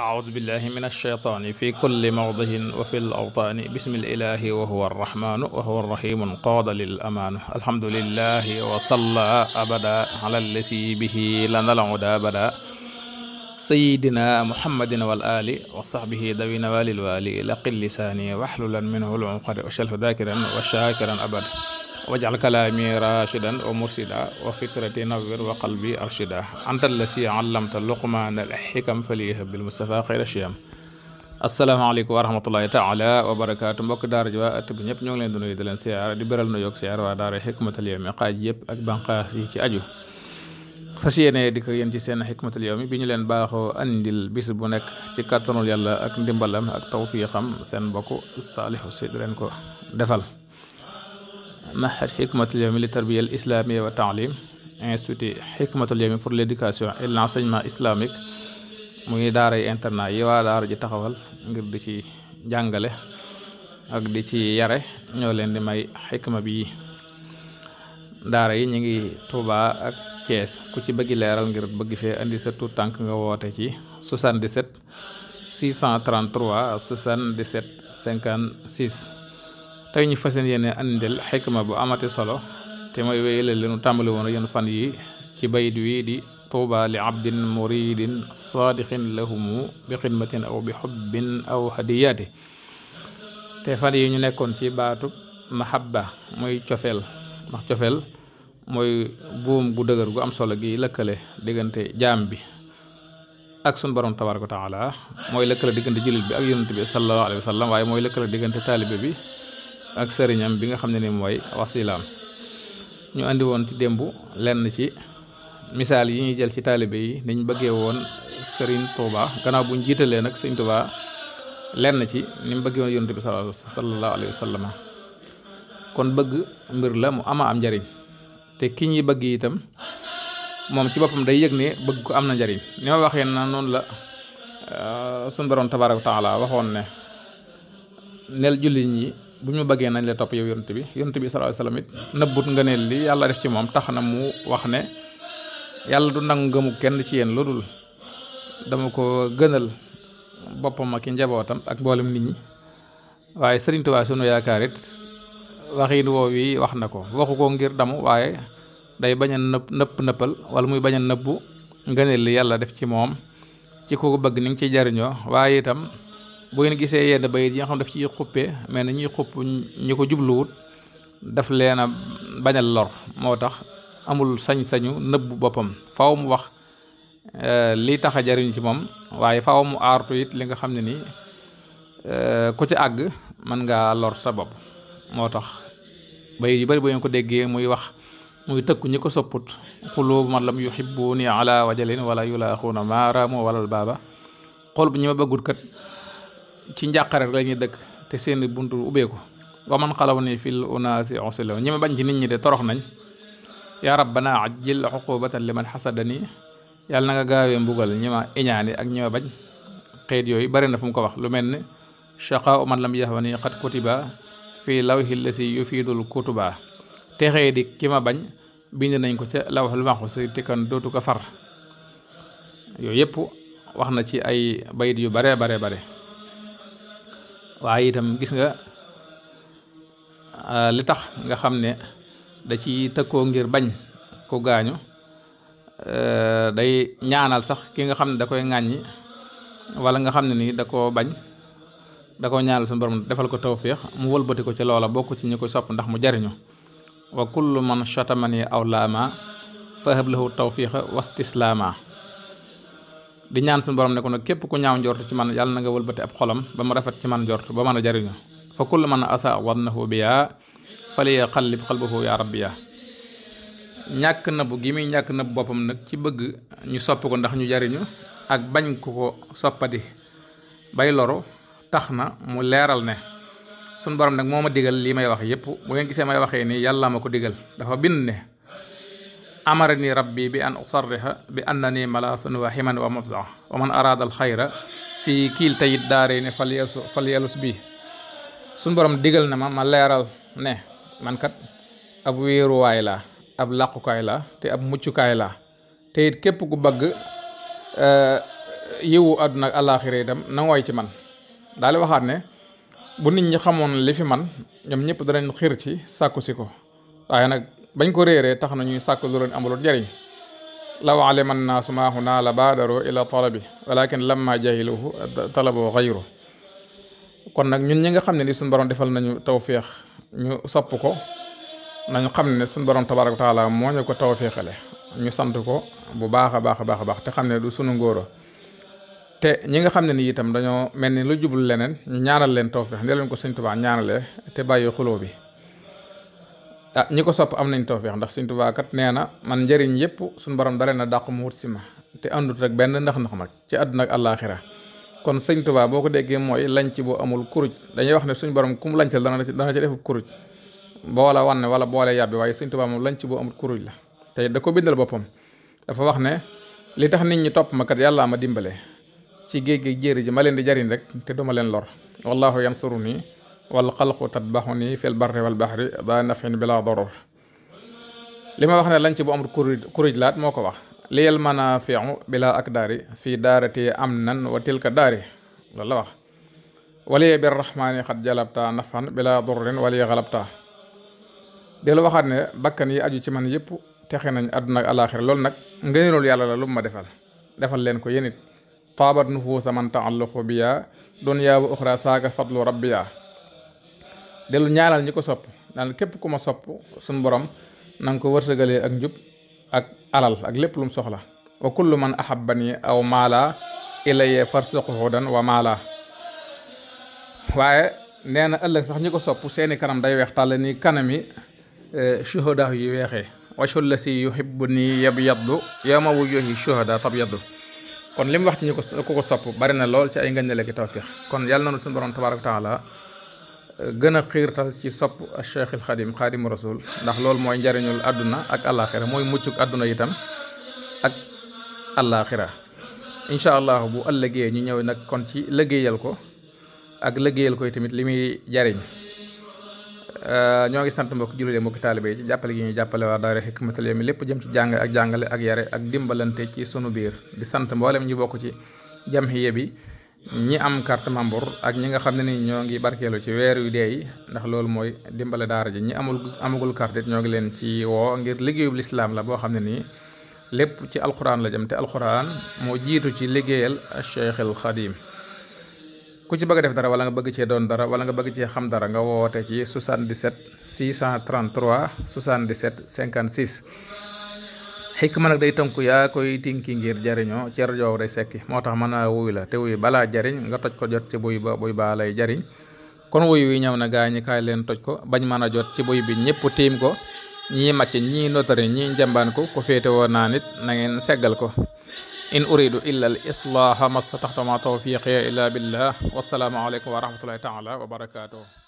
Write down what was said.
أعوذ بالله من الشيطان في كل موضع وفي الأوطان بسم الإله وهو الرحمن وهو الرحيم قاد للأمان الحمد لله وصلى أبدا على الذي به لنا العدا بدا سيدنا محمد والآل وصحبه ذوي نوال الوالي لقل لساني واحللا منه العقد وشله ذاكرا وشاكرا أبدا wajal kalaami rashidan wa mursida wa fikrati nawwir wa qalbi arshida anta si allamta luqmaana al xikam faliyah bil mustafa xayra shiyam asalaamaaleykum wa rahmatullahi taala wa barakaatu mbokk daara ji waa at bi ñëpp ñoo ngi leen di nuyu di leen siyaara di beral nu yokk siyaara waa daara xikmatal yawmi xaaj yëpp ak banqaas yi ci aju fas yéene di ko yéen ci seen xikmatal yawmi bi ñu leen baaxoo andil bis bu nekk ci kàttanul yàlla ak ndimbalam ak tawfiixam seen mbokk saalihu si di leen ko defal mahad hikmatul yawmi li tarbiya al islamiyya wa taalim institut hikmatul yawmi pour l' éducation et l' enseignement islamique muy daaray internat yi waa daara ji taxawal ngir di ci jàngale ak di ci yare ñoo leen di may xikma bi daara yi ñu ngi Touba ak Thiès ku ci bëgg leeral ngir bëgg fee indi sa tànk nga woote ci 77 633 77 56 tey ñu fas yéene andil xikma bu amati solo te mooy wéyale leenu tàmbali woon yenn fan yi ci bayit wi di tuuba li abdin muridin saadiqin lahumu bi xidmatin aw bi xubbin aw hadiyaati te fan yi ñu nekkoon ci baatu mahabba mooy cofeel ndax cofeel mooy buum gu dëgër gu am solo gi lëkkale diggante jaam bi ak sun borom tabaaraka wa taala mooy lëkkale diggante jullit bi ak yonent bi sallallahu alayhi wa waaye mooy lëkkale diggante taalibe bi ak sëriñam bi nga xam ne ni mooy wasilaam ñu andi woon ci démb lenn ci misaal yi ñuy jël ci taalibe yi niñ bëggee woon sëriñ Touba gannaaw buñ jiitalee nag sëriñ Touba lenn ci ni mu bëggee woon yonent bi sallallahu alayhi wa sallam kon bëgg mbir la mu ama am njariñ te ki ñuy bëgg itam moom ci boppam day yëg ne bëgg ko am na njariñ ni ma waxee na noonu la euh, suñ borom tabaaraka wa taala waxoon ne nel jullit ñi bu ñu bëggee nañ la topp yow yonent bi yonent bi sallallahu alayhi wasallam it nëbbut nga ne li yàlla def ci moom tax na mu wax ne yàlla du nangu gëmu kenn ci yéen dul dama ko gënal boppam ak njabootam ak mboolem nit ñi waaye Sëriñ Tuubaa sunu yaakaar waxiin woow wi wax na ko waxu ko ngir damu waaye day bañ a nëpp nëppal wala muy bañ a nëbbu ngëneel li yàlla def ci moom ci ku ko bëgg ni nga ciy jariñoo waaye itam bu ngeen gisee yenn bayit yi nga xam daf ciy xuppee mais na ñuy xupp ñi ko jubluwut daf leen a bañal lor moo tax amul sañ-sañu nëbbu boppam faaw mu wax euh, li tax a jariñ ci moom waaye faaw mu aartu li nga xam ne nii euh, ku ci àgg mën ngaa lor sa bopp moo tax bayit yu bari bu ngeen ko déggee muy wax muy tëkku ñi ko sopput xulubu man la mu lam yuhibbuni ala wajalin wala yulaaxuuna maaraamu walal baaba xol bu ñi ma bëggut kat ci njàqare la ñuy dëkk te seeni buntu ubbeeku wa man xalaw ni fil unaasi usula ñi ma bañ ci nit ñi de torox nañ yaa rabbana ajjil uqubatan liman xasadani yàlla na nga gaawee mbugal ñi ma iñaani ak ñi ma bañ xeet yooyu bari na fu ko wax lu mel ni shaqaa man lam xat qad kutiba fii lawhi lasi yufiidul kutuba texee di ki ma bañ bind nañ ko ca lawhul mahfuus te kan dootu ko far yooyu yëpp wax na ci ay bayit yu bare bare bare waaye itam gis nga euh, li tax nga xam ne da ci tëkkoo ngir bañ ku gaañu euh, day ñaanal sax ki nga xam ne da koy ŋàññi walla nga xam ne nii da koo bañ da koo ñaanal suñu borom defal ko tawféex mu wëlbati ko ci loola bokk ci ñu koy sopp ndax mu jariñu wa kullu man chatamani aw laama fa hablahu tawfiixa wastislaama di ñaan suñu borom ne ko nag képp ku ñaaw njort ci man yàlla na nga wëlbati ab xolam ba mu rafet ci man njort ba mën a jariñu fa kullu man asa wannahu biya faliya xallib xalbahu yaa rabbi ya ñàkk nabu gi muy ñàkk nabu boppam nag ci bëgg ñu sopp ko ndax ñu jariñu ak bañ ku ko soppadi bay loru tax na mu leeral ne suñu borom nag moo ma digal lii may wax yépp bu ngeen gisee may waxee nii yàlla ma ko digal dafa bind ne amarani rabbi bi an usarriha bi annani malaasun wa himan wa mafza wa man araada al xayra fii kiiltayit daare ne fal yelsu fal yelus bi suñ borom digal na ma ma leeral ne mankat kat ab wéeruwaay laa ab làqukaay laa te ab muccukaay laa te it képp ku bagg yiwu àdduna ak àllaaxira itam na ngooy ci man daal di waxaat ne bu nit ñi xamoon li fi man ñoom ñëpp danañ xir ci sàkku si ko waaye nag bañ ko réeree tax na ñuy sàkk lu leen amulul jariñ law alima annaasu maa huna la baadaro ila talabi walakin lamma jahiluhu talabo xayru kon nag ñun ñi nga xam ne ni suñu borom defal nañu tawféex ñu sopp ko nañu xam ne suñu borom tabaaraka wa taala moo ñu ko tawféexale ñu sant ko bu baax a baax a baax a baax te xam ne du sunu ngóoro te ñi nga xam ne ni itam dañoo mel ni lu jublu leneen ñu ñaanal leen tawféex ne leen ko sëñ Tuubaa ñaanalee te bàyyi xuloo bi ah ñi ko sopp am nañ tawféex ndax Sëñ Tuubaa kat nee na man njëriñ yëpp suñu borom dalee na dàq mu wut si ma te àndut rek benn ndax-ndax mag ci àdduna ak àllaaxira kon Sëñ Tuubaa boo ko déggee mooy lanc boo amul kuruj dañuy wax ne suñu borom ku mu lancal dana dana ci def kuruj boola wanne wala boole yàbbi waaye Sëñ Tuubaa moom lanc boo amul kuruj la te da ko bindal boppam dafa wax ne li tax nit ñi topp yàlla kat ma dimbale ci géej gi jéeri ji ma leen di jariñ rek te duma leen lor wallaahu yansuru nii wal xalqu tatbaxuni fil barri wal baxri daa nafin bila doror li ma wax ne lañ ci bu amul kuréel kuréel laat moo ko wax liyal manaafiu bila ak daari fii daarati am nan wa tilka daari loolu la wax waliye bir rahmaani xat jalabta nafan bila dorrin waliye xalabta dellu waxaat ne bakkan yi aju ci man yëpp texe nañ àdduna ak alaaxir lool nag ngëneelul yàlla la lu ma defal defal leen ko yéen it nu nufuusa man taalluqu biya dunya wa dellu ñaanal ñi ko sopp naan képp ku ma sopp suñu borom na nga ko wërsëgalee ak njub ak alal ak lépp lu mu soxla wa kullu man ahabbani aw maala ilayya farsuqu hudan wa maala waaye nee na ëllëg sax ñi ko sopp seeni kanam day weex tàll nii kanam yi e, shuhadaa yi weexee wacul la si yuhibbu nii yab yaddu yawma wujuhi shuhada tab yaddu kon li mu wax ci ñi ko ku ko sopp bari na lool ci ay ngëneel ak tawfiix kon yàlla na nu suñu borom tabaaraka wa gën a xiirtal ci sopp Cheikhul Xadim Xaadimu Rasul ndax loolu mooy njariñul àdduna ak àllaaxira mooy muccuk àdduna itam ak àllaaxira incha allah bu ëllëgee ñu ñëw nag kon ci liggéeyal ko ak liggéeyal koy tamit li muy jariñ euh, ñoo ngi sant mbokk jullit mbokk taalibe yi ci jàppale gi ñuy jàppale waa daara Hikmatul Yawmi lépp jëm ci jàng ak jàngale ak yare ak dimbalante ci sunu biir di sant mboolem ñi bokk ci jamhiya bi ñi am carte membre ak ñi nga xam ne ni ñoo ngi barkeelu ci weer yu dee ndax loolu mooy dimbali daara ji ñi amul amagul carte it ñoo ngi leen ci woo ngir liggéeyub lislaam la boo xam ne nii lépp ci alxuraan la jëm te alxuraan moo jiitu ci liggéeyal Cheikh al Xadim ku ci bëgg a def dara wala nga bëgg cee doon dara wala nga bëgg cee xam dara nga woote ci 77 633 77 56. xikma nag day tënku yaa koy tinki ngir jariñoo cer joow day sekki moo tax mën a wuy la te wuy balaa jariñ nga toj ko jot ci buy ba buy baa lay jariñ kon wuy wi ñëw na gaa ñi leen toj ko bañ mën a jot ci buy bi ñëpp tiim ko ñii màcc ñii notari ñii njambaan ko ko féete woon naa nit na ngeen seggal ko in uridu illa al islaaha mastataxtama tawfiqiya illa billah wasalaamu aleykum wa rahmatullahi taala wa barakaatuh